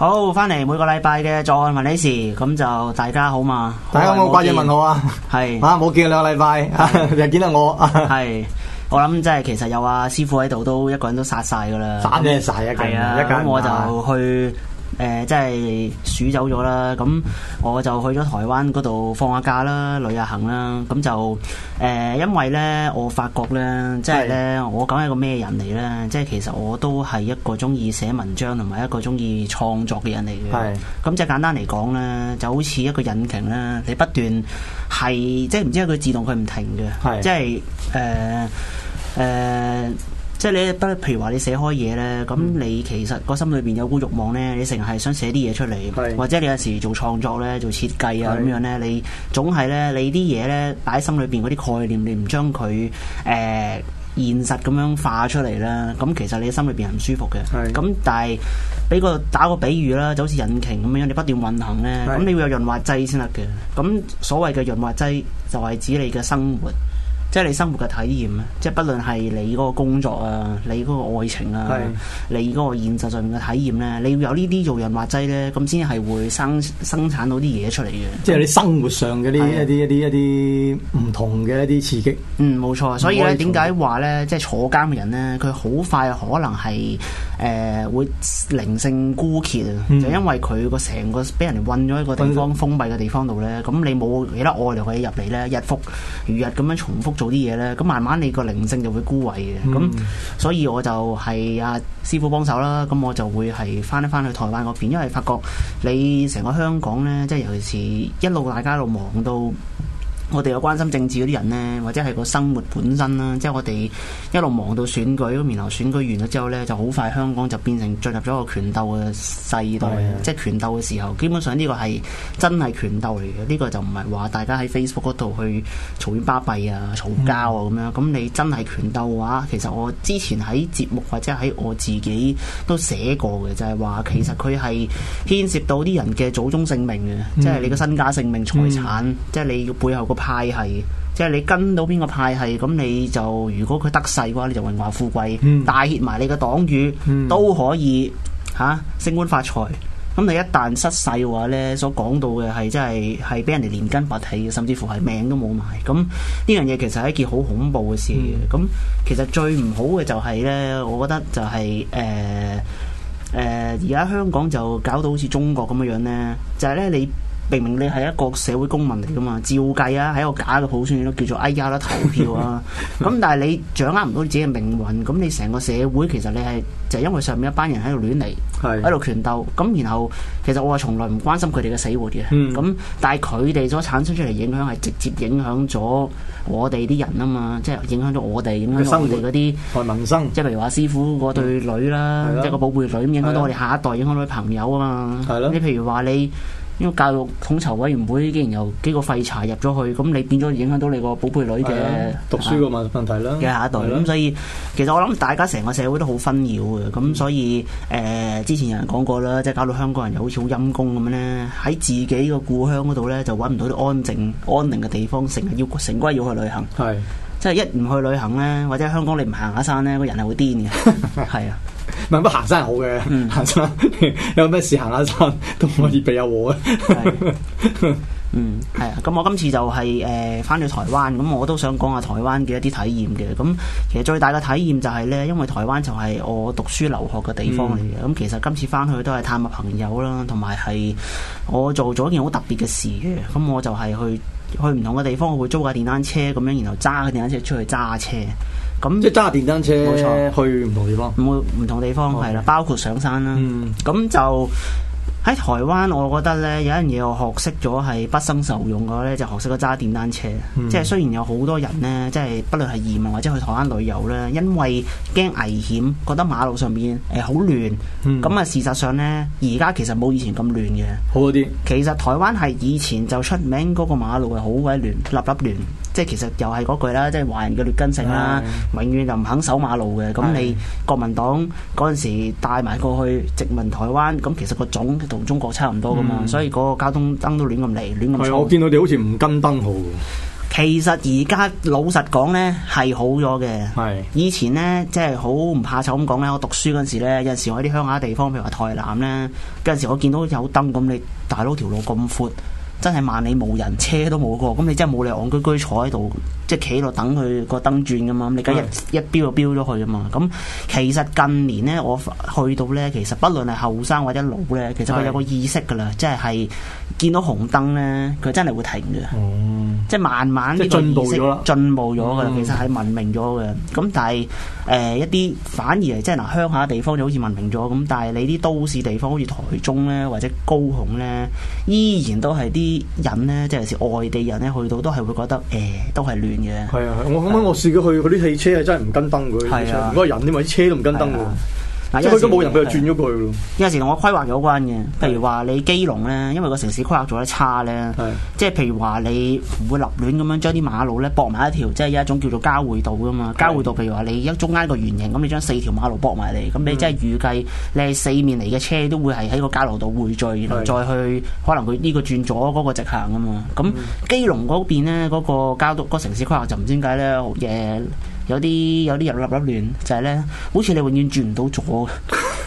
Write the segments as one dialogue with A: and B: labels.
A: 好，翻嚟每個禮拜嘅坐看雲起時，咁就大家好嘛？大家有冇掛好，冇八月問候啊？係啊，冇見兩個禮拜，又 見到我，係 我諗即係其實有啊，師傅喺度，都一個人都殺晒噶啦，斬咩殺一、嗯啊、一咁我就去。誒、呃，即係鼠走咗啦，咁我就去咗台灣嗰度放下假啦，旅下行啦，咁就誒，因為咧，我發覺咧，即係咧，是的 我咁一個咩人嚟咧，即係其實我都係一個中意寫文章同埋一個中意創作嘅人嚟嘅。係，咁即係簡單嚟講咧，就好似一個引擎啦，你不斷係即係唔知佢自動佢唔停嘅，是的 即係誒誒。呃呃即係你不，譬如話你寫開嘢咧，咁、嗯、你其實個心裏邊有股欲望咧，你成日係想寫啲嘢出嚟，是 或者你有陣時做創作咧，做設計啊咁樣咧是，你總係咧，你啲嘢咧擺喺心裏邊嗰啲概念，你唔將佢誒現實咁樣化出嚟啦，咁其實你心裏邊係唔舒服嘅。係咁是，但係俾個打個比喻啦，就好似引擎咁樣，你不斷運行咧，咁是 你會有潤滑劑先得嘅。咁所謂嘅潤滑劑就係指你嘅生活。即係你生活嘅體驗咧，即係不論係你嗰個工作啊，你嗰個愛情啊，的你嗰個現實上面嘅體驗咧，你要有呢啲做潤滑劑咧，咁先係會生生產到啲嘢出嚟嘅。即係你生
B: 活上嘅啲一啲的一啲一啲唔同嘅一啲刺激。嗯，冇錯，所以點解
A: 話咧，即係坐監嘅人咧，佢好快可能係。誒、呃、會靈性枯竭啊，就、嗯、因為佢個成個俾人哋困咗喺個地方心封閉嘅地方度咧，咁你冇幾多外嚟可以入嚟咧，日復如日咁樣重複做啲嘢咧，咁慢慢你個靈性就會枯萎嘅。咁、嗯、所以我就係、是、阿、啊、師傅幫手啦，咁我就會係翻一翻去台灣嗰邊，因為發覺你成個香港咧，即係尤其是一路大家一路忙到。我哋有關心政治嗰啲人呢，或者係個生活本身啦，即係我哋一路忙到選舉，然後選舉完咗之後呢，就好快香港就變成進入咗個權鬥嘅世代，的即係權鬥嘅時候，基本上呢個係真係權鬥嚟嘅，呢、這個就唔係話大家喺 Facebook 嗰度去嘈巴閉啊、嘈交啊咁、嗯、樣。咁你真係權鬥嘅話，其實我之前喺節目或者喺我自己都寫過嘅，就係、是、話其實佢係牽涉到啲人嘅祖宗性命嘅，嗯、即係你嘅身家性命、財產，嗯、即係你嘅背後派系，即係你跟到邊個派系，咁你就如果佢得勢嘅話，你就榮華富貴，嗯、帶挈埋你嘅黨羽、嗯、都可以吓、啊、升官發財。咁你一旦失勢嘅話呢，所講到嘅係真係係俾人哋連根拔起，甚至乎係命都冇埋。咁呢樣嘢其實係一件好恐怖嘅事。咁、嗯、其實最唔好嘅就係呢，我覺得就係誒誒，而、呃、家、呃、香港就搞到好似中國咁樣、就係、呢，就係呢你。明明你係一個社會公民嚟噶嘛，照計啊，係一個假嘅普選咯，叫做哎呀啦投票啊。咁、 嗯、但係你掌握唔到你自己嘅命運，咁你成個社會其實你係就係、因為上面一班人喺度亂嚟，喺度拳鬥。咁然後其實我係從來唔關心佢哋嘅死活嘅。咁、嗯、但係佢哋所產生出嚟影響係直接影響咗我哋啲人啊嘛，即係影響咗我哋咁樣我哋嗰啲民生。即係譬如話師傅嗰對女啦，即係個寶貝女咁，影響到我哋下一代，影響到朋友啊嘛。咁的你譬如話你。因為教育統籌委員會竟然有幾個廢柴入咗去，咁你變咗影響到你個寶貝女嘅、啊、吧讀書個問問題啦嘅下一代。咁的所以，其實我諗大家成個社會都好紛擾嘅。咁所以，誒、呃，之前有人講過啦，即係搞到香港人又好似好陰功咁樣咧，喺自己個故鄉嗰度咧就揾唔到啲安靜安寧嘅地方，成日要成歸要去旅行。係的，即係一唔去旅行咧，或者香港你唔行下山咧，個人係會癲嘅。係啊。行山好嘅，行山、嗯、
B: 行山 有咩事行下山都可以避下禍
A: 嘅。嗯，係啊，咁我今次就係誒翻去台灣，咁我都想講下台灣嘅一啲體驗嘅。咁其實最大嘅體驗就係、是、呢，因為台灣就係我讀書留學嘅地方嚟嘅。咁、嗯、其實今次翻去都係探下朋友啦，同埋係我做咗一件好特別嘅事嘅。咁我就係去去唔同嘅地方，我會租架電單車咁樣，然後揸架電單車出去揸車。那即係揸電單車錯去唔同地方，唔同地方，係啦，Okay. 包括上山啦。咁、嗯、就喺台灣，我覺得呢，有一樣嘢我學識咗係不生受用嘅呢就學識咗揸電單車。嗯、即係雖然有好多人呢，即係、嗯、不論係移民或者去台灣旅遊呢，因為驚危險，覺得馬路上面誒好亂。咁啊、嗯，事實上呢，而家其實冇以前咁亂嘅，好啲。其實台灣係以前就出名嗰個馬路係好鬼亂，立立亂。即係其實又係嗰句啦，即係華人嘅劣根性啦、啊，的永遠就唔肯守馬路嘅。咁的你國民黨嗰陣時帶埋過去殖民台灣，咁其實個種同中國差唔多噶嘛，嗯、所以嗰個交通燈都亂咁嚟，亂咁錯。我見到哋好似唔跟燈號。其實而家老實講呢係好咗嘅。係的。以前呢，即係好唔怕醜咁講呢。我讀書嗰陣時咧，有陣時我喺啲鄉下地方，譬如話台南呢，有陣時我見到有燈咁，你大佬條路咁闊。真係萬里無人，車都冇過，咁你真係冇理由戇居居坐喺度。即係企落等佢個燈轉噶嘛，你而家一一標就標咗佢啊嘛。咁其實近年咧，我去到咧，其實不論係後生或者老咧，其實佢有個意識噶啦，即係係見到紅燈咧，佢真係會停嘅。即係慢慢啲進步咗，進步咗嘅，其實係文明咗嘅。咁但係誒一啲反而係即係嗱鄉下地方就好似文明咗咁，但係你啲都市地方好似台中咧或者高雄咧，依然都係啲人咧，即係有時外地人咧去到都係會覺得誒、欸、都係亂。係啊，
B: 我咁樣的我試過去嗰啲
A: 汽車係真係唔跟燈嘅，唔嗰人添嘛，啲的車都唔跟燈嘅。
B: 因為都冇
A: 人，佢的就轉咗過去咯。有時同我規劃有關嘅，譬如話你基隆咧，因為個城市規劃做得差咧的，即係譬如話你唔會立亂咁樣將啲馬路咧駁埋一條，即係有一種叫做交匯道噶嘛。的交匯道譬如話你一中間個圓形，咁你將四條馬路駁埋嚟，咁你即係預計咧四面嚟嘅車都會係喺個交流道匯聚，然後的再去可能佢呢個轉左嗰個直行啊嘛。咁基隆嗰邊咧嗰個交通，嗰個城市規劃就唔知點解咧好有啲有啲人立立亂，就係、是、咧，好似你永遠轉唔到左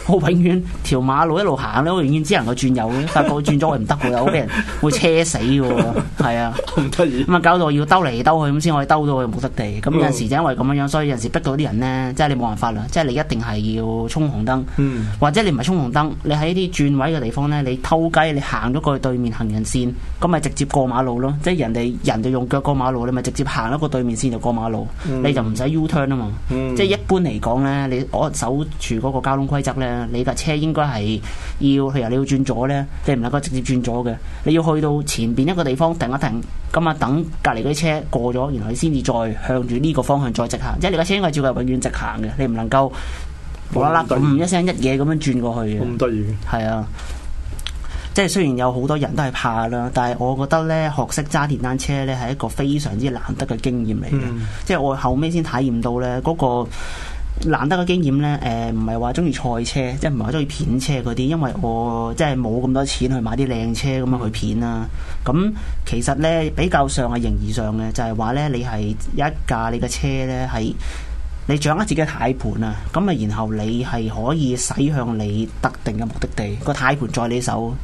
A: 我永遠條馬路一路行咧，我永遠只能夠轉右嘅。 但係 我轉左我唔得嘅，我俾人會車死嘅，係啊，咁啊搞到我要兜嚟兜去咁先可以兜到去目的地。咁有陣時就因為咁樣，所以有陣時逼到啲人咧，即係你冇辦法啦，即係你一定係要衝紅燈，嗯、或者你唔係衝紅燈，你喺啲轉位嘅地方咧，你偷雞，你行咗過去對面行人線，咁咪直接過馬路咯。即係人哋人哋用腳過馬路，你咪直接行一過對面線就過馬路，嗯、你就唔使。啊嘛，U-turn, 嗯、即係一般嚟講呢，你我守住嗰個交通規則呢，你架車應該係要譬如你要轉左呢，你唔能夠直接轉左嘅，你要去到前邊一個地方停一停，咁啊等隔籬嗰啲車過咗，然後你先至再向住呢個方向再直行，即係你架車應該照舊永遠直行嘅，你唔能夠
B: 無啦啦咁一
A: 聲一嘢咁樣轉過去嘅。咁得意？係、嗯、啊。即係雖然有好多人都係怕啦，但係我覺得咧學識揸電單車咧係一個非常之難得嘅經驗嚟嘅。嗯、即係我後尾先體驗到咧嗰、嗰個難得嘅經驗咧，誒唔係話中意賽車，即係唔係話中意片車嗰啲，因為我即係冇咁多錢去買啲靚車咁去片啦，啊。咁、嗯、其實咧比較上係形而上嘅，就係話咧你係一架你嘅車咧，係你掌握自己嘅軚盤啊，咁啊，然後你係可以駛向你特定嘅目的地，嗰個軚盤在你手。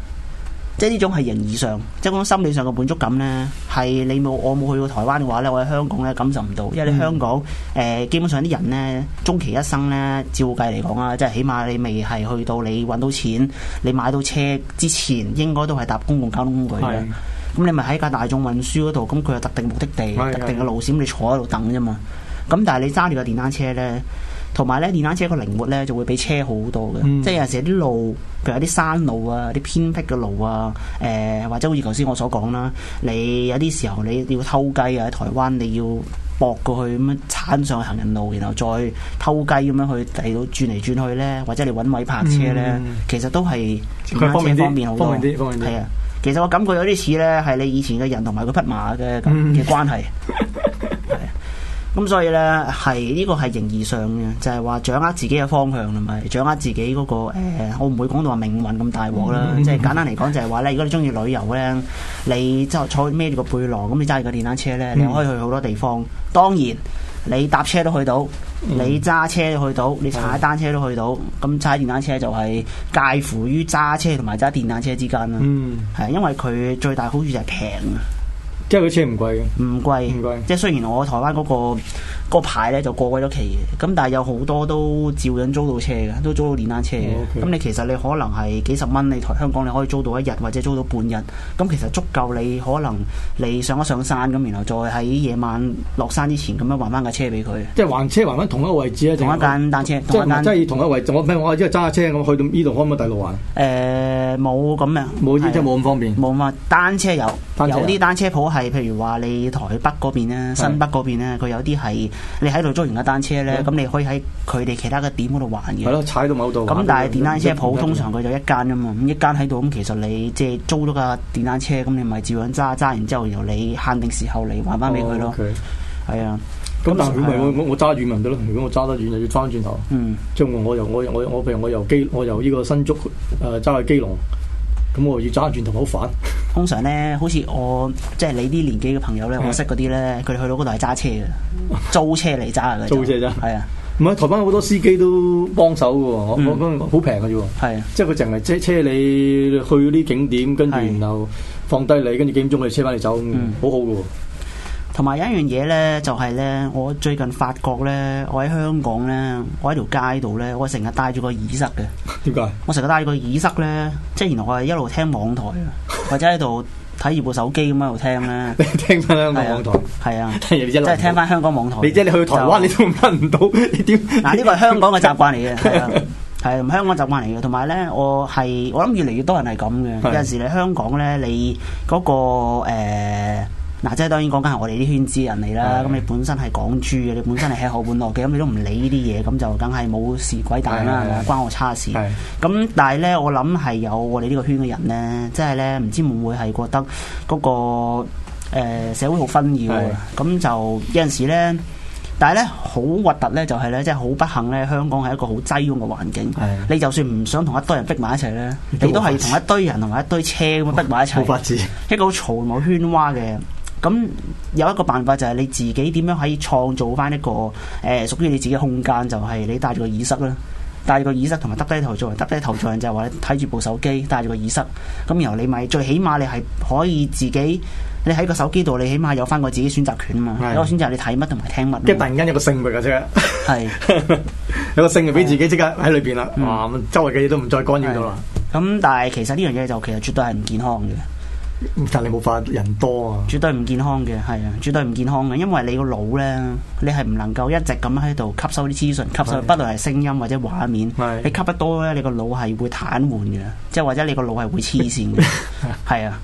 A: 即係呢種係形而上，即係種心理上嘅滿足感呢，係你冇我冇去過台灣嘅話呢，我喺香港呢感受唔到。嗯、因為你香港誒、呃、基本上啲人呢，終其一生呢，照計嚟講啊，即係起碼你未係去到你揾到錢，你買到車之前，應該都係搭公共交通工具嘅。咁的你咪喺架大眾運輸嗰度，咁佢有特定目的地、的特定嘅路線，你坐喺度等啫嘛。咁但係你揸住個電單車呢。同埋咧，電單車個靈活咧，就會比車好好多嘅。嗯、即係有陣時啲路，譬如有啲山路啊、啲偏僻嘅路啊，誒、呃、或者好似頭先我所講啦，你有啲時候你要偷雞啊，喺台灣你要駁過去咁樣鏟上去行人路，然後再偷雞咁樣去地度轉嚟轉去咧，或者你揾位泊車咧，嗯、其實都係電單車方便好多。方便啲，方便啲。係啊，其實我感覺有啲似咧，係你以前嘅人同埋個匹馬嘅嘅、嗯、關係。 咁所以呢，係呢、這個係形而上嘅，就係、是、話掌握自己嘅方向同埋掌握自己嗰、那個誒、呃，我唔會講到話命運咁大鑊啦。即係、嗯、簡單嚟講，就係話咧，如果你中意旅遊呢，你就坐孭住個背囊，咁你揸住個電單車呢，你可以去好多地方。嗯、當然，你搭車都去到，你揸車都去到，你踩單車都去到。咁踩、嗯嗯、電單車就係介乎於揸車同埋揸電單車之間啦。係、嗯，因為佢最大好處就係平。即係個車唔貴嘅，唔貴，即係雖然我台灣嗰個嗰個牌咧就過咗期，咁但係有好多都照樣租到車嘅，都租到電單車。咁你其實你可能係幾十蚊，你台香港你可以租到一日或者租到半日，咁其實足夠你可能你上一上山咁，然後再喺夜晚落山之前咁樣還翻架車俾佢。即係還車還翻同一個位置啊，同一間單車，同一間即係同一個位置。我我即係揸架車咁去到呢度，可唔可以帶路還？誒，冇咁樣，冇即冇咁方便。冇嘛單車有，有啲單車鋪係。係，譬如話你台北嗰邊啊，新北嗰邊啊，佢有啲係你喺度租完架單車咧，咁、嗯、你可以喺佢哋其他嘅點嗰度還嘅。係咯，
B: 踩到某度。咁但係電單車鋪通常
A: 佢就一間啫嘛，咁、嗯、一間喺度，咁其實你即係、就是、租咗架電單車，咁你咪照樣揸，揸完之後由你限定時候你還翻俾佢咯。係啊、哦。咁、okay, 的但係如果
B: 我揸遠咪到咯？如果我揸得遠又要翻轉頭。嗯。即我由我我我譬如我由基我由呢個新竹
A: 誒揸、呃、去基隆。咁我要揸轉同好煩。通常咧，好似我即係你啲年紀嘅朋友咧， 我識嗰啲咧，佢去到嗰度係揸車嘅，租車嚟揸嘅，租車啫。係
B: 啊，唔係台灣好多司機都幫手嘅，我我嗰個好平嘅啫。係、嗯，啊、即係佢淨係車車你去嗰啲景點，跟住然後放低你，跟住幾點鐘佢車翻你走，啊嗯、好好嘅。
A: 同埋有一樣嘢咧，就係、是、咧，我最近發覺咧，我喺香港咧，我喺條街度咧，我成日戴住個耳塞嘅。點解？我成日戴住個耳塞咧，即係原來我係一路聽網台， 或者喺度睇住部手機咁喺度聽咧。你聽翻香港網台？係啊，即係、啊、聽翻香港網台。你即係你去台灣，就你都唔得唔到？你點？嗱、啊，呢個係香港嘅習慣嚟嘅，係啊，係、 啊、香港習慣嚟嘅。同埋咧，我係我諗越嚟越多人係咁嘅。啊、有陣時你香港咧，你嗰、那個誒。呃嗱，即係當然講緊係我哋啲圈子人嚟啦。咁的你本身係港豬嘅，你本身係吃好本樂嘅，咁你都唔理呢啲嘢，咁就梗係冇事鬼大啦，係的關我差事。咁的但係咧，我諗係有我哋呢個圈嘅人咧，即係咧，唔知會唔會係覺得嗰、那個、呃、社會好紛擾？咁的就有陣時咧，但係咧好核突咧，就係、是、咧，即係好不幸咧，香港係一個好擠擁嘅環境。的你就算唔想同一堆人逼埋一齊咧，你都係同一堆人同埋一堆車咁逼埋一齊。冇法子，一個好嘈、冇喧嘩嘅。咁、嗯、有一個辦法就係你自己點樣可以創造翻一個誒、呃、屬於你自己空間就，就係、是、你戴住個耳塞啦，戴住個耳塞同埋耷低頭做耷低頭做，就係話你睇住部手機，戴住個耳塞，咁然後你咪最起碼你係可以自己，你喺個手機度你起碼有翻個自己選擇權啊嘛，的可以選擇你睇乜同埋聽乜。即係突然間有個性別嘅啫，係的 有個性別俾自己即刻喺裏邊啦，嗯、哇！周圍嘅嘢都唔再干擾到啦。咁但係其實呢樣嘢就其實絕對係唔健康嘅。但你冇法，人多啊？絕對唔健康嘅，係啊，絕對唔健康嘅，因為你個腦呢，你係唔能夠一直咁喺度吸收啲資訊，吸收的不論係聲音或者畫面，的你吸得多呢，你個腦係會癱瘓嘅，即係或者你個腦係會黐線嘅，係啊，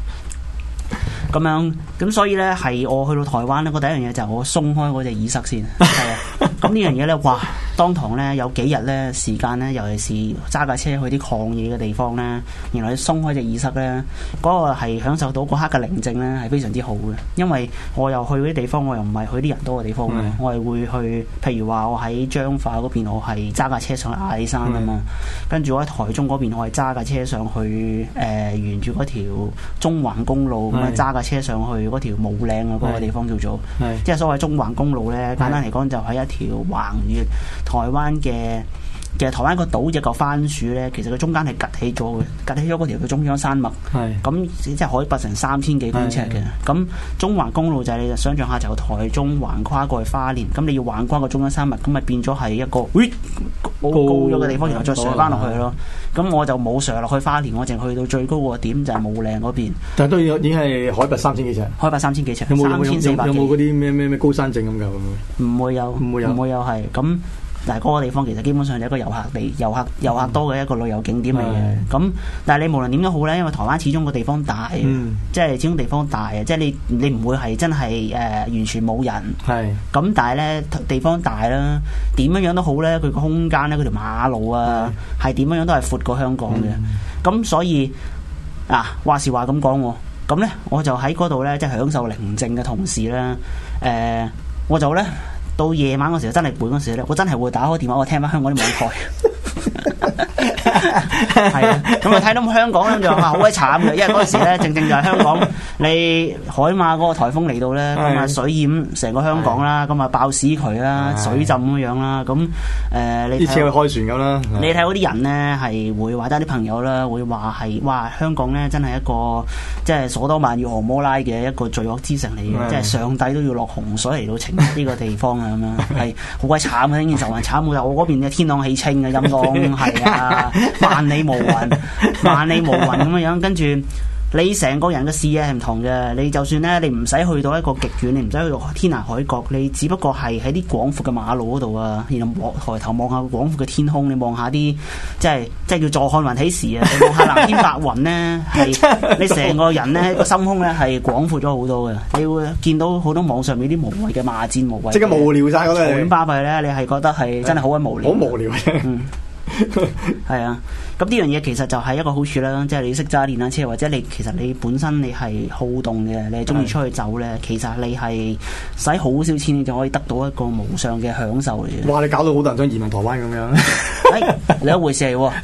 A: 咁樣咁所以呢，係我去到台灣呢，我第一樣嘢就係我鬆開嗰隻耳塞先。 咁呢樣嘢咧，哇！當堂咧有幾日咧時間咧，尤其是揸架車去啲曠野嘅地方咧，原來你鬆開隻耳塞咧，嗰個係享受到嗰刻嘅寧靜咧，係非常之好嘅。因為我又去啲地方，我又唔係去啲人多嘅地方是的 我係會去。譬如話，我喺彰化邊我係揸架車上去阿里山啊嘛。是的 跟住我喺台中邊我係揸架車上去誒、呃、沿住嗰條中環公路咁是的 樣揸架車上去條武嶺啊個地方叫做。係是的。即係所謂中環公路咧，簡單嚟講就係一條。要橫越台灣嘅。其實台灣個島只個番薯咧，其實佢中間係夾起咗嘅，夾起咗嗰條叫中央山脈。係。咁即係海拔成三千幾公尺嘅。咁中環公路就係你想像下，就台中橫跨過去花蓮。咁你要橫跨個中央山脈，咁咪變咗係一個高咗嘅地方，然後再上翻落去咯。咁我就冇上落去花蓮，我淨去到最高個點就係武嶺嗰邊。但係都已經係海拔三千幾尺。海拔三千幾尺。有冇有冇嗰啲咩咩咩高山症咁㗎？唔會有。唔會有。唔會有係咁。但係嗰個地方其實基本上就係一個遊客地，遊客遊客多嘅一個旅遊景點嚟嘅。咁、嗯、但係你無論點都好咧，因為台灣始終個地方大，即係、嗯、始終地方大啊！即係你你唔會係真係誒、呃、完全冇人。係咁、嗯，但係咧地方大啦，點樣樣都好咧，佢個空間咧，佢條馬路啊，係點樣樣都係闊過香港嘅。咁、嗯、所以啊，話時話咁講喎。咁咧，我就喺嗰度咧，即係享受寧靜嘅同時啦。誒、呃，我就咧。嗯到夜晚嗰時候，真係半夜時咧，我真係會打開電話，我聽翻香港啲網台。 係啊，咁我睇到香港咧就話好鬼慘嘅，因為嗰時咧正正就係香港，你海馬嗰個颱風嚟到咧，咁啊水淹成個香港啦，咁啊 爆屎渠啦，水浸咁樣啦，咁誒、呃、你啲車去開船咁啦，你睇嗰啲人咧係會話得啲朋友啦，會話係哇香港咧真係一個即係所多瑪與蛾摩拉嘅一個罪惡之城嚟嘅，即係 上帝都要落洪水嚟到懲罰呢個地方啊咁樣，係好鬼慘啊！竟然就還慘， 我我嗰邊嘅天朗氣清啊，陰涼係啊。 啊！萬里無雲，萬里無雲咁樣樣，跟住你成個人嘅視野係唔同嘅。你就算咧，你唔使去到一個極遠，你唔使去到天涯海角，你只不過係喺啲廣闊嘅馬路嗰度啊，然後望抬頭望下廣闊嘅天空，你望下啲即係即係叫坐看雲起時啊，你望下藍天白雲呢，係你成個人呢個心胸呢係廣闊咗好多嘅。你會見到好多網上面啲無謂嘅罵戰，無謂即係無聊晒嗰個場面，巴閉呢，你係覺得係真係好鬼無聊，好無聊。係 啊，咁呢樣嘢其實就係一個好處啦，即係你識揸電單車，或者你其實你本身你係好動嘅，你係中意出去走咧，的其實你係使好少錢就可以得到一個無上嘅享受嚟嘅。哇！你搞到好多人想移民台灣咁樣，係 一、哎、回事嚟、啊。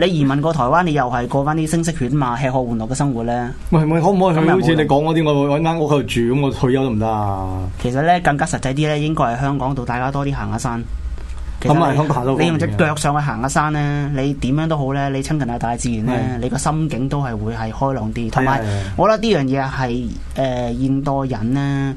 A: 你移民過台灣，你又係過翻啲聲色犬馬、吃喝玩樂嘅生活咧。喂，可唔可以好似你講嗰啲，嗯、我搵間屋喺度住，咁我退休得唔得啊？其實咧，更加實際啲咧，應該係香港度，大家多啲行下山。咁啊，你，樣你用隻腳上去行下山咧，你點樣都好咧，你親近下大自然咧，是的 你個心境都係會係開朗啲。同埋，我覺得呢樣嘢係誒現代人咧，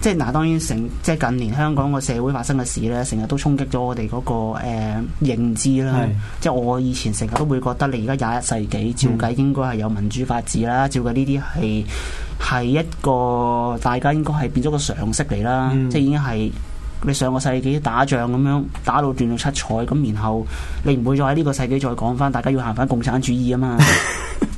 A: 即係嗱、呃，當然成即係近年香港個社會發生嘅事咧，成日都衝擊咗我哋嗰、那個誒、呃、認知啦。是的 即係我以前成日都會覺得，你而家廿一世紀，照計應該係有民主法治啦，嗯、照計呢啲係係一個大家應該係變咗個常識嚟啦，嗯、即係已經係。你上個世紀打仗咁樣打到斷到七彩咁，然後你唔會再喺呢個世紀再講翻，大家要行翻共產主義啊嘛。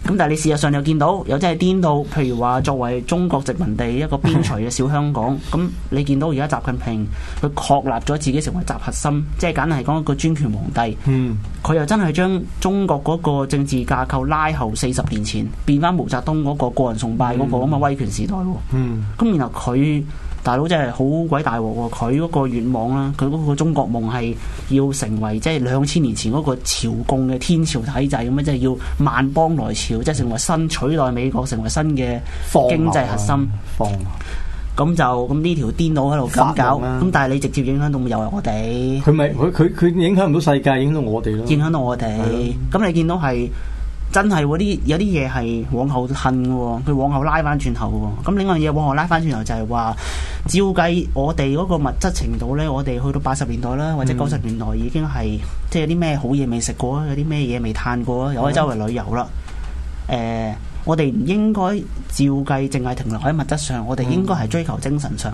A: 咁 但係你事實上又見到有真係顛倒，譬如話作為中國殖民地一個邊陲嘅小香港，咁 你見到而家習近平佢確立咗自己成為習核心，即係簡單係講一個專權皇帝。嗯，佢又真係將中國嗰個政治架構拉後四十年前，變翻毛澤東嗰個個人崇拜嗰個咁嘅威權時代。嗯、咁、嗯、然後佢。大佬真係好鬼大鑊喎！佢嗰個願望啦，佢嗰個中國夢係要成為即係兩千年前嗰個朝貢嘅天朝體制咁啊！即係要萬邦來朝，即係成為新取代美國，成為新嘅經濟核心。咁、啊、就咁呢條癲佬喺度搞，咁、啊、但係你直接影響到咪又係我哋。佢咪佢佢
B: 佢影響唔到世界，影響到我哋
A: 咯。影響到我哋，咁的你見到係。真係喎，啲有啲嘢係往後褪喎，佢往後拉翻轉頭喎。咁另外嘢往後拉翻轉頭就係話，照計我哋嗰個物質程度呢，我哋去到八十年代啦，或者九十年代已經係，嗯、即係有啲咩好嘢未食過啊，有啲咩嘢未嘆過啊，又喺周圍旅遊啦、嗯呃。我哋唔應該照計淨係停留喺物質上，我哋應該係追求精神上。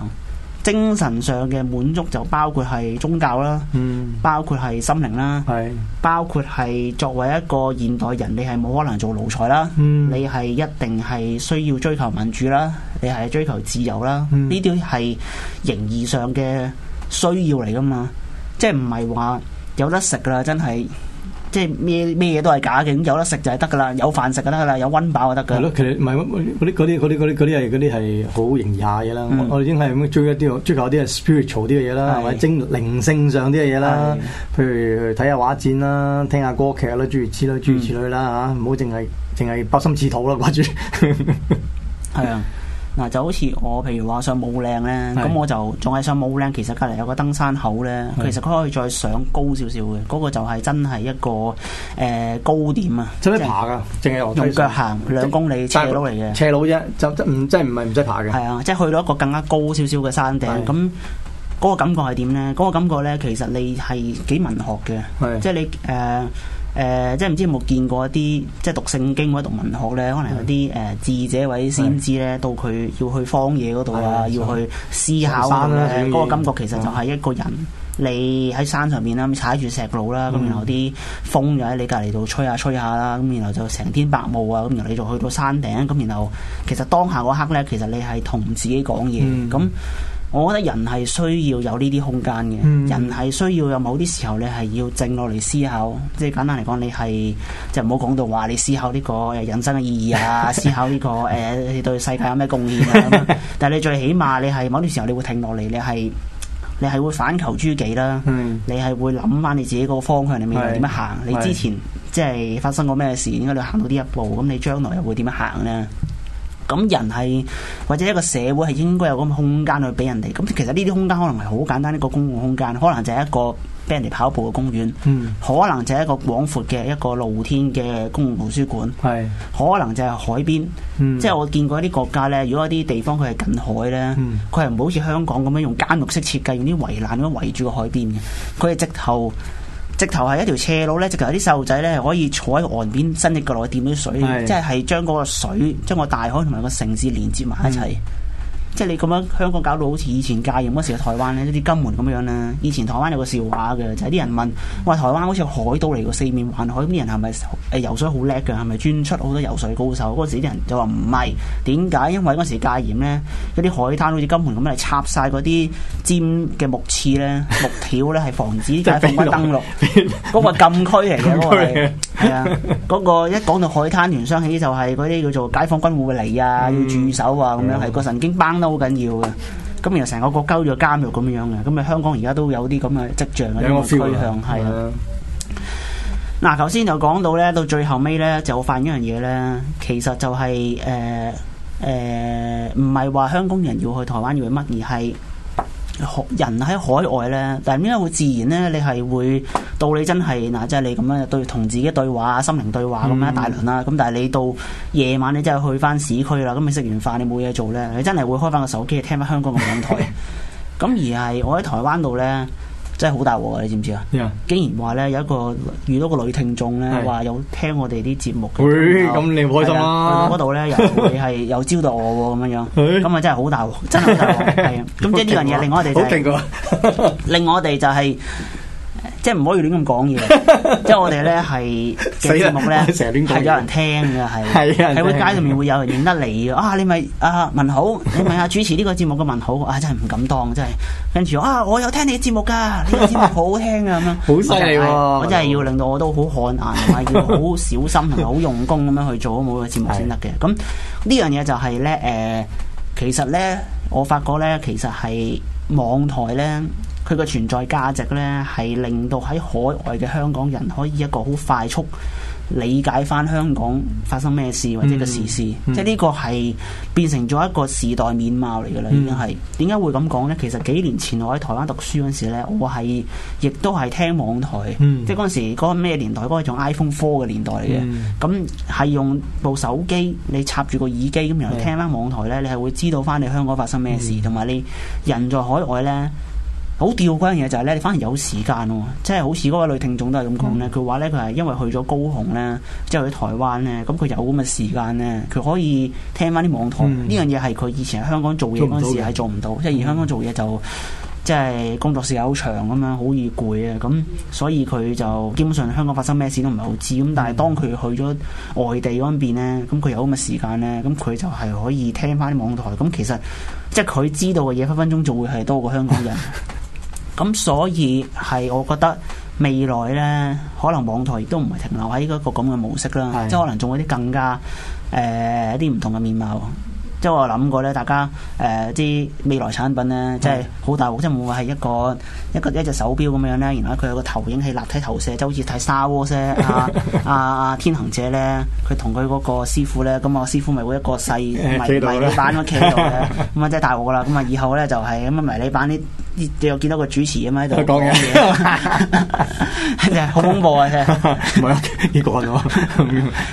A: 精神上嘅滿足就包括係宗教啦，嗯、包括係心靈啦，是包括係作為一個現代人，你係冇可能做奴才啦，嗯、你係一定係需要追求民主啦，你係追求自由啦，呢啲係形而上嘅需要嚟噶嘛，即係唔係話有得食噶啦，真係。即係咩咩嘢都係假嘅，有得食就係得噶啦，有飯食就得噶啦，有溫飽
B: 就得噶。係咯，其實唔係嗰啲啲啲啲啲係啲係好形而下嘅嘢啦。我我哋已經係追一啲追求一啲係 spiritual 啲嘅嘢啦，係咪的精靈性上啲嘅嘢啦？的譬如睇下畫展啦，聽下歌劇啦，諸如此類，諸如此類啦嚇，唔好淨係淨係不心
A: 刺肚啦，掛住。係 啊。嗱就好似我譬如話上武嶺咧，咁是我就仲係上武嶺。其實隔離有個登山口咧，是其實佢可以再上高少少嘅，嗰、那個就係真係一個誒、呃、高點啊！使乜爬噶？淨係用腳行兩公里斜路嚟嘅，斜路啫，就唔即係唔係唔使爬嘅。係啊，即、就、係、是、去到一個更加高少少嘅山頂，咁嗰是個感覺係點咧？嗰、那個感覺咧，其實你係幾文學嘅，即係是你誒。呃誒、呃，即係唔知有冇見過一啲，即係讀聖經或者讀文學咧，可能有啲誒智者或者先知咧，到佢要去荒野嗰度啊，嗯、要去思考咁嗰、嗯、個感覺其實就係一個人，嗯、你喺山上面啦，踩住石路啦，咁然後啲風又喺你隔籬度吹下吹下啦，咁然後就成天白霧啊，咁然後你就去到山頂，咁然後其實當下嗰刻咧，其實你係同自己講嘢，咁、嗯。嗯。我覺得人係需要有呢啲空間嘅，嗯、人係需要有某啲時候你係要靜落嚟思考。即、就、係、是、簡單嚟講，你係就唔好講到話你思考呢個人生嘅意義啊， 思考呢、這個誒、呃、對世界有咩貢獻啊。 但係你最起碼你係某啲時候你會停落嚟，你係你係會反求諸己啦。嗯、你係會諗翻你自己個方向裡面，是你未來點樣行？是你之前是即係發生過咩事？應該你行到呢一步？咁你將來又會點樣行咧？咁人係或者一個社會係應該有咁嘅空間去俾人哋。咁其實呢啲空間可能係好簡單，一個公共空間，可能就係一個俾人哋跑步嘅公園，可能就係一個廣闊嘅一個露天嘅公共圖書館，可能就係海邊。即係我見過一啲國家呢，如果一啲地方佢係近海呢，佢係唔好似香港咁樣用監獄式設計，用啲圍欄咁樣圍住個海邊嘅，佢係直頭。直頭係一條斜路咧，直頭有啲細路仔咧可以坐喺岸邊，伸隻腳落去掂啲水，是即係將嗰個水、將個大海同埋個城市連接埋一齊。是嗯即係你咁樣香港搞到好似以前戒嚴嗰時嘅台灣咧，一啲金門咁樣啦。以前台灣有個笑話嘅，就係啲人問：喂，台灣好似海島嚟嘅，四面環海，咁啲人係咪誒游水好叻嘅？係咪專出好多游水高手？嗰時啲人就話唔係，點解？因為嗰時戒嚴咧，嗰啲海灘好似金門咁嚟插晒嗰啲尖嘅木刺咧、木條咧，係防止解放軍登陸嗰 個禁區嚟嘅。係啊， 嗰個一講到海灘，聯想起就係嗰啲叫做解放軍會嚟啊，要駐守啊，咁樣係個神經好緊要嘅，咁然後成個國家嘅監獄咁樣嘅，咁、嗯、啊香港而家都有啲咁嘅跡象向啊，趨向係嗱，頭先、啊、就講到呢，到最後尾呢，就發現一樣嘢呢。其實就係誒誒，唔係話香港人要去台灣要乜，而係。人喺海外呢，但係點解會自然呢？你係會到你真係嗱，即係你咁樣對同自己對話心靈對話咁樣，大輪啦。咁但係你到夜晚，你真係去翻市區啦。咁你食完飯，你冇嘢做呢？你真係會開翻個手機，聽翻香港嘅網台。咁 而係我喺台灣度呢。真係好大鑊啊！你知唔知啊？Yeah. 竟然話咧有一個遇到個女聽眾咧，話有聽我哋啲節目。咁你唔開心啦、啊！嗰度咧又係有招待我喎，咁樣 樣。咁啊真係好大鑊，真係好大鑊，係的啊！咁即係呢樣嘢，令我哋就令我哋就係。即係唔可以亂咁講嘢， 即係我哋咧係呢個節目咧，係有人聽嘅，係喺個街上面會有人認得你啊，你咪啊文豪，你問下、啊、 主持呢個節目嘅文豪，啊真係唔敢當，真係。跟住啊，我有聽你嘅節目㗎，呢 個節目好好聽啊，咁樣、 哦。好犀利喎！ 我真係要令到我都好汗顏，同埋 要好小心同埋好用功咁樣去做每一個節目先得嘅。咁呢 樣嘢就係、是、咧，誒、呃，其實咧，我發覺咧，其實係網台咧。佢嘅存在價值呢，係令到喺海外嘅香港人可以一個好快速理解翻香港發生咩事，或者個時事，嗯嗯、即係呢個係變成咗一個時代面貌嚟嘅啦，已經係點解會咁講呢？其實幾年前我喺台灣讀書嗰時呢，我係亦都係聽網台，嗯、即係嗰時嗰個咩年代，嗰個仲 iPhone Four 嘅年代嚟嘅，咁係、嗯、用部手機你插住個耳機咁嚟聽翻網台呢，你係會知道翻你香港發生咩事，同埋、嗯、你人在海外呢。好吊嗰樣嘢就係咧，你反而有時間喎、哦，即係好似嗰位女聽眾都係咁講咧。佢話咧，佢係因為去咗高雄咧，即係去台灣咧，咁佢有咁嘅時間咧，佢可以聽翻啲網台。呢樣嘢係佢以前喺香港做嘢嗰陣時係做唔到，即係而香港做嘢就即係、就是、工作時間好長咁樣，好易攰啊。咁所以佢就基本上香港發生咩事都唔係好知。咁但係當佢去咗外地嗰邊咧，咁佢有咁嘅時間咧，咁佢就係可以聽翻啲網台。咁其實即係佢知道嘅嘢分分鐘就會係多過香港人。 咁所以係，我覺得未來咧，可能網台亦都唔係停留喺一個咁嘅模式啦，是 即係可能仲會啲更加誒、呃、一啲唔同嘅面貌。即係我諗過咧，大家誒啲、呃、未來產品咧，即係好大鑊，即係冇話係一個一個一隻手錶咁樣咧，然後佢有個投影器、立體投射，即係好似睇 Star Wars 啫。啊 啊！天行者咧，佢同佢嗰個師傅咧，咁啊師傅咪會一個細迷，站著 迷你版嘅企喺度咧，咁啊即係大鑊啦。咁啊以後咧就係咁啊迷你版啲。 你又見到個主持啊？喺度講緊嘢，真係好恐怖啊！真唔係一一個啫嘛，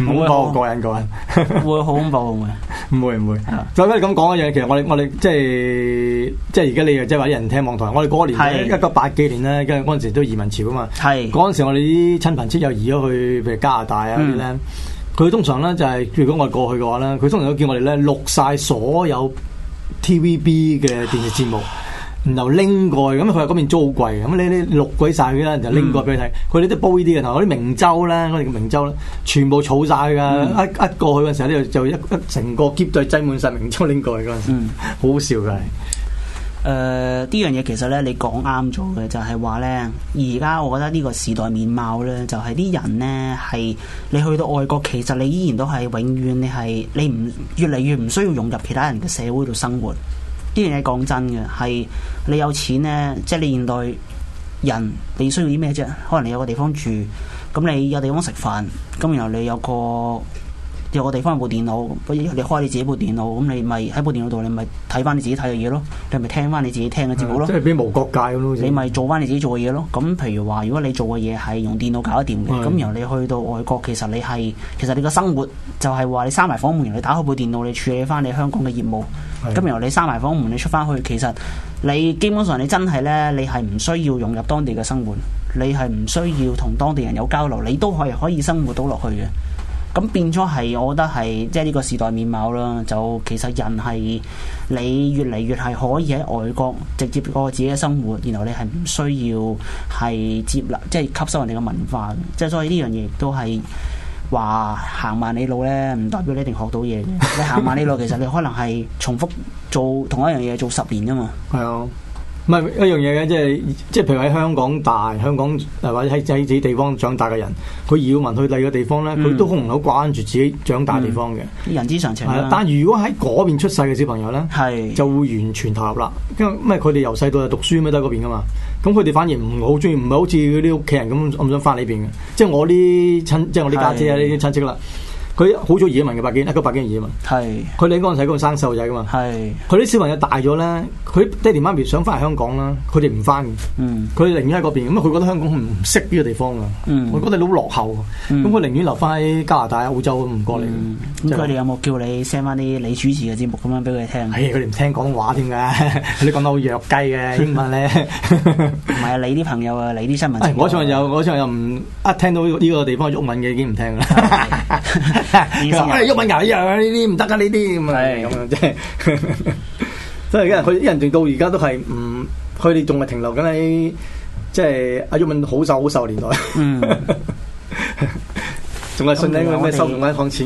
A: 唔
B: 好講過癮過癮，會好恐怖嘅。唔會唔會，就因為咁講一樣，其實我哋我哋即係即係而家你又即係話啲人聽網台，我哋嗰年，一九八幾年咧，跟住嗰時都移民潮啊嘛。係嗰陣時，我哋啲親朋戚友移咗去，譬如加拿大啊啲咧，佢通常咧就係，如果我哋過去嘅話咧，佢通常都叫我哋咧錄晒所有 TVB 嘅電視節目。然後拎過去，咁佢話嗰邊租好貴，咁你你錄鬼晒佢啦，然後拎過去俾佢睇。佢哋都煲呢啲嘅，同我啲明州啦，我哋叫明州啦，全部儲晒佢噶，一一、嗯、過去嗰陣時喺呢度就一一成個箧都係擠滿晒明州拎過去。嗰陣時，好 好笑噶的。誒、
A: 呃，呢樣嘢其實咧，你講啱咗嘅，就係話咧，而家我覺得呢個時代面貌咧，就係、是、啲人咧係你去到外國，其實你依然都係永遠你係你唔越嚟越唔需要融入其他人嘅社會度生活。呢樣嘢講真嘅，係你有錢呢，即係你現代人你需要啲咩啫？可能你有個地方住，咁你有地方食飯，咁然後你有個。有個地方有部電腦，不如你開你自己部電腦，咁你咪喺部電腦度，你咪睇翻你自己睇嘅嘢咯，你咪聽翻你自己聽嘅節目咯。即係
B: 變無國界咁咯。你咪
A: 做翻你自己做嘅嘢咯。咁譬如話，如果你做嘅嘢係用電腦搞得掂嘅，咁的由你去到外國，其實你係其實你個生活就係話你閂埋房門，然後你打開部電腦，你處理翻你香港嘅業務。咁的由你閂埋房門，你出翻去，其實你基本上你真係呢，你係唔需要融入當地嘅生活，你係唔需要同當地人有交流，你都係可，可以生活到落去嘅。咁變咗係，我覺得係即係呢個時代面貌啦。就其實人係你越嚟越係可以喺外國直接過自己嘅生活，然後你係唔需要係接納即係吸收人哋嘅文化。即係所以呢樣嘢都係話行萬里路咧，唔代表你一定學到嘢嘅。 你行萬里路，其實你可能係重複做同一樣嘢做十年吖嘛。係啊。
B: 唔係一樣嘢嘅，即係即係譬如喺香港大，香港或者喺喺自己地方長大嘅人，佢移民去另一個地方咧，佢、嗯、都好唔好掛住自己長大地方嘅、嗯？人之常情，啊。但係如果喺嗰邊出世嘅小朋友咧，是就會完全投入啦。因為唔佢哋由細到大讀書咁樣喺嗰邊噶嘛，咁佢哋反而唔好中意，唔係好似嗰啲屋企人咁唔想翻呢邊嘅。即係我啲親，即係我啲家姐啊，啲是親戚啦。佢好早移民嘅北京，一個北京移民嘛。係。佢喺嗰陣時嗰度生細路仔噶嘛。係。佢啲小朋友大咗咧，佢爹哋媽咪想翻嚟香港啦，佢哋唔翻，佢寧願喺嗰邊，咁佢覺得香港唔識呢個地方啊。嗯。我覺得你好落後。咁佢寧願留翻喺加拿大、澳
A: 洲咁唔過嚟。嗯。應該有冇叫你 send 翻啲你主持嘅節目咁樣俾佢哋聽？佢哋唔聽講話添嘅，你講得好弱雞嘅英文咧。唔係你啲朋友啊，
B: 你啲新聞。我上朋我上又唔一聽到呢個地方喐文嘅，已經唔聽啦。阿毓民又一樣，呢啲唔得噶呢啲咁啊，咁、哎、啊，即係即係，因為佢啲人仲到而家都係唔，佢哋仲係停留緊喺即係阿毓民好瘦好瘦年代。嗯
A: 的的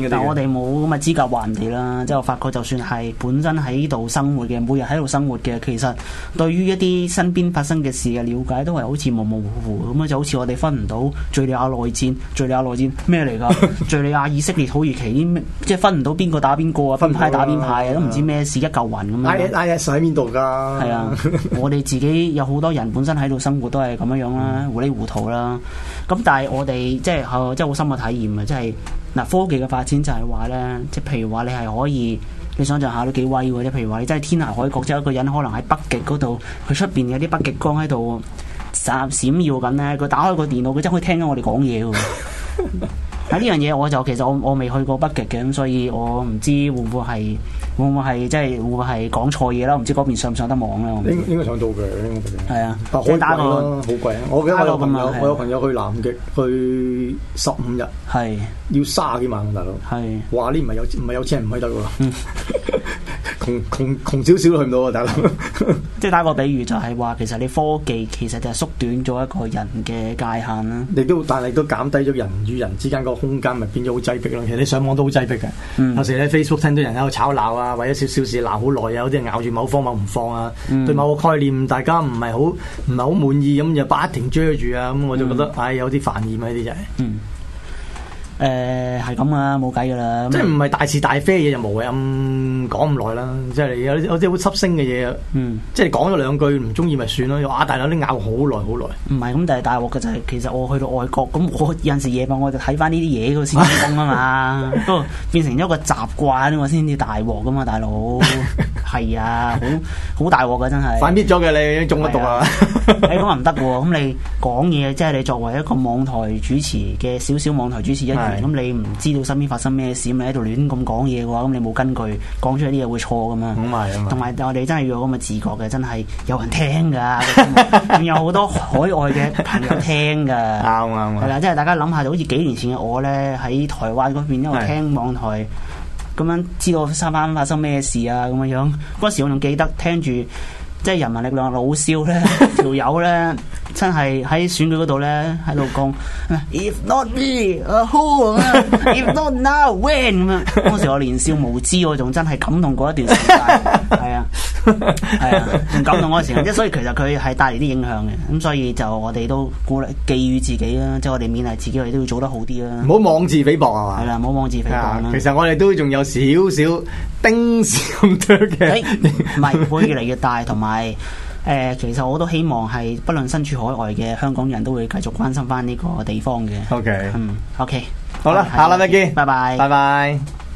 A: 但我哋冇咁嘅資格話人哋啦，即係我發覺，就算係本身喺度生活嘅，每日喺度生活嘅，其實對於一啲身邊發生嘅事嘅了解，都係好似模，模模糊糊咁啊！就好似我哋分唔到敍利亞內戰，敍利亞內戰咩嚟㗎？敍 利亞、以色列、土耳其，即係分唔到邊個打邊個 啊，分派打邊派啊，都唔知咩事一嚿雲咁樣。i、啊、i、啊啊啊啊啊、s 喺邊度㗎？係啊，我哋自己有好多人本身喺度生活都係咁樣樣啦、 嗯，糊裏糊塗啦。咁、嗯、但係我哋即係，即係好、哦、深嘅體驗啊！即係嗱、啊，科技嘅發展就係話呢。即係譬如話你係可以，你想象像下都幾威嘅啫。譬如話，真係天涯海角，即係一個人可能喺北極嗰度，佢出邊有啲北極光喺度，閃耀緊呢。佢打開個電腦，佢真可以聽到我哋講嘢喎。 呢樣嘢我就其實我我未去過北極嘅，咁所以我唔知會唔會係會唔會係即係會唔會係講錯嘢啦？唔知嗰邊上唔上得網咧？應應
B: 該上到嘅，應該上到。係啊，好到貴咯、啊，好貴啊！我記得我有朋友，啊、我有朋友去南極去十五日，係是要卅幾萬，大
A: 佬係。是哇！呢唔係有唔係有錢人唔去得喎、啊。嗯
B: 窮窮窮少少
A: 都去唔到啊！大佬，嗯，即係打個比喻，就係話，其實你科技其實就係縮短咗一個
B: 人嘅界限啦。你都但係亦都減低咗人與人之間個空間，咪變咗好擠迫咯。其實你上網都好擠迫嘅。嗯、有時咧，Facebook 聽到人喺度吵鬧啊，或者少少事鬧好耐啊，有啲人咬住某方某唔放啊，嗯、對某個概念大家唔係好唔係好滿意咁，就不停追住啊。咁我就覺得，唉，有啲煩厭啊，呢啲就係。嗯嗯誒，係咁啊，冇計噶啦！即係唔係大是大非嘢就無謂咁講唔耐啦。即係有啲好吸聲嘅嘢，
A: 即係講咗兩句唔中意咪算咯。大佬你咬好耐好耐！唔係咁，但係大鑊嘅就係、是，其實我去到外國咁，我有陣時夜晚，我就睇翻呢啲嘢嘅先啊嘛，都變成咗一個習慣，我先至大鑊噶嘛，大佬係 啊，好大鑊噶真係！ 反跌咗嘅你中乜毒啊？睇講又唔得喎，咁、欸啊、你講嘢即係你作為一個網台主持嘅少少網台主持一的。咁你唔知道身邊發生咩事，咁你喺度亂咁講嘢嘅話，咁你冇根據講出嚟啲嘢會錯噶嘛？咁咪，同埋我哋真係要有咁嘅自覺嘅，真係有人聽噶，仲有好多海外嘅朋友聽噶，啱啱啊！即係大家諗下，就好似幾年前嘅我咧，喺台灣嗰邊一路聽網台，咁樣知道身邊發生咩事啊，咁樣樣嗰陣時我仲記得聽住。即係人民力量老少咧，條友咧真係喺選舉嗰度咧喺度講，if not me，who 咁啊？if not now，when 咁啊？ 當時我年少無知，我仲真係感動過一段時間。 係 啊，係啊，唔夠用嗰個時間，即所以其實佢係帶嚟啲影響嘅，咁所以就我哋都鼓勵寄予自己啦、啊，即係我哋勉勵自己，我哋都要做得好啲啦、啊。唔好妄自菲薄啊嘛，係啦，唔好妄自菲薄啦、 呃。其實我哋都仲有少少丁咁多嘅，唔係會越嚟越大，同埋誒，其實我都希望係不論身處海外嘅香港人都會繼續關心翻呢個地方嘅 Okay.、嗯。OK，嗯，OK，好啦吧，下禮拜再見，拜拜，拜拜。